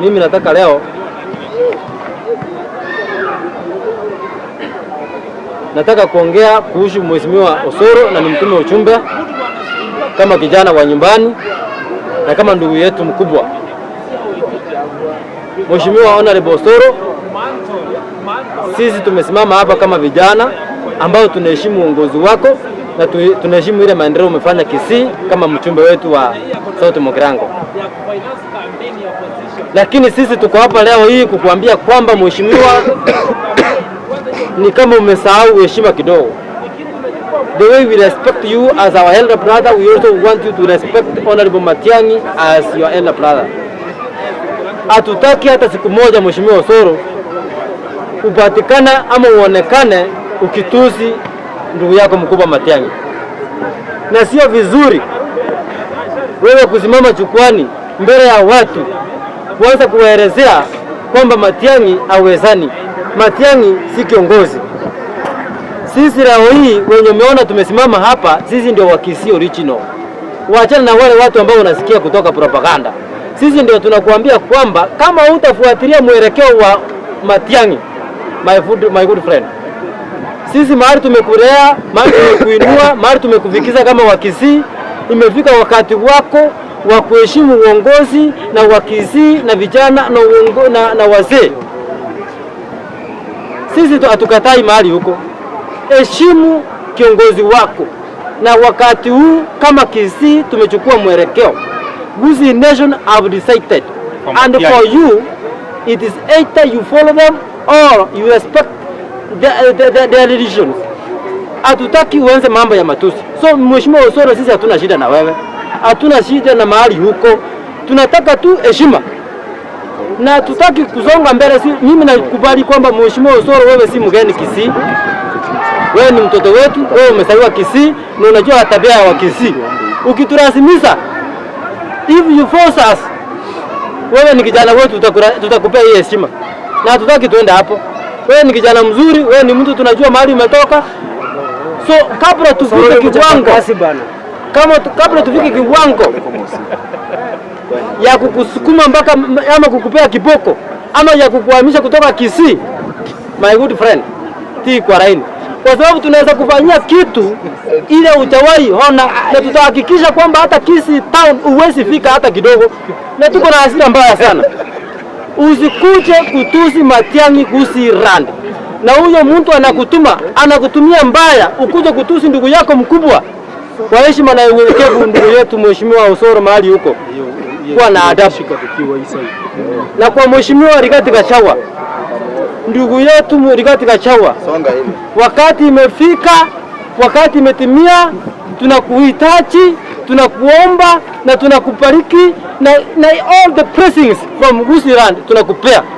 Mimi nataka leo, nataka kuongea kuhusu Mheshimiwa Osoro na nimtume uchumbe kama kijana wa nyumbani na kama ndugu yetu mkubwa. Mheshimiwa Honorable Osoro, sisi tumesimama hapa kama vijana ambao tunaheshimu uongozi wako na tunaheshimu ile maendeleo umefanya Kisii kama mchumbe wetu wa South Mugirango. Lakini sisi tuko hapa leo hii kukuambia kwamba mheshimiwa, ni kama umesahau heshima kidogo. The way we respect you as our elder brother, we also want you to respect Honorable Matiang'i as your elder brother. Hatutaki hata siku moja mheshimiwa Osoro upatikana ama uonekane ukituzi ndugu yako mkubwa Matiang'i, na sio vizuri wewe kusimama jukwani mbele ya watu kuanza kuwaelezea kwamba Matiang'i awezani Matiang'i si kiongozi. Sisi leo hii wenye umeona tumesimama hapa, sisi ndio wakisi original. Waachana na wale watu ambao unasikia kutoka propaganda. Sisi ndio tunakuambia kwamba kama hutafuatilia mwelekeo wa Matiang'i, my good, my good friend, sisi mahali tumekulea, mahali tumekuinua, mahali tumekuvikiza kama wakisi imefika wakati wako wa kuheshimu uongozi na wakizii na vijana na, na, na wazee. Sisi hatukatai mahali huko, heshimu kiongozi wako, na wakati huu kama Kisii tumechukua mwelekeo. Gusii nation have decided and for you it is either you follow them or you respect their, the, the, the religions hatutaki uanze mambo ya matusi. So mheshimiwa Osoro, sisi hatuna shida na wewe, hatuna shida na mahali huko, tunataka tu heshima na tutaki kuzonga mbele. Si mimi nakubali kwamba mheshimiwa Osoro, wewe si mgeni Kisii, wewe ni mtoto wetu, wewe umezaliwa Kisii na unajua tabia ya Kisii. Ukiturasimisha if you force us, wewe ni kijana wetu, tutakupea hii heshima na hatutaki tuende hapo. Wewe ni kijana mzuri, wewe ni mtu tunajua mahali umetoka. So kabla tufike kiwango kama kabla tufike kiwango ya kukusukuma mpaka ama kukupea kiboko ama ya kukuhamisha kutoka Kisii, my good friend, ti kwa raini, kwa sababu tunaweza kufanyia kitu ile utawahi ona, na tutahakikisha kwamba hata Kisii town uwezi fika hata kidogo, na tuko na hasira mbaya sana. Usikuje kutusi Matiang'i kusi Rwanda na huyo mtu anakutuma anakutumia mbaya, ukuje kutusi ndugu yako mkubwa. Kwa heshima na unyenyekevu, ndugu yetu mheshimiwa Osoro mahali huko, kuwa na adabu. Na kwa mheshimiwa Rigati Kachawa, ndugu yetu Rigati Kachawa, wakati imefika, wakati imetimia, tunakuhitaji tunakuomba na tunakubariki na, na all the pressings from Gusiland tunakupea.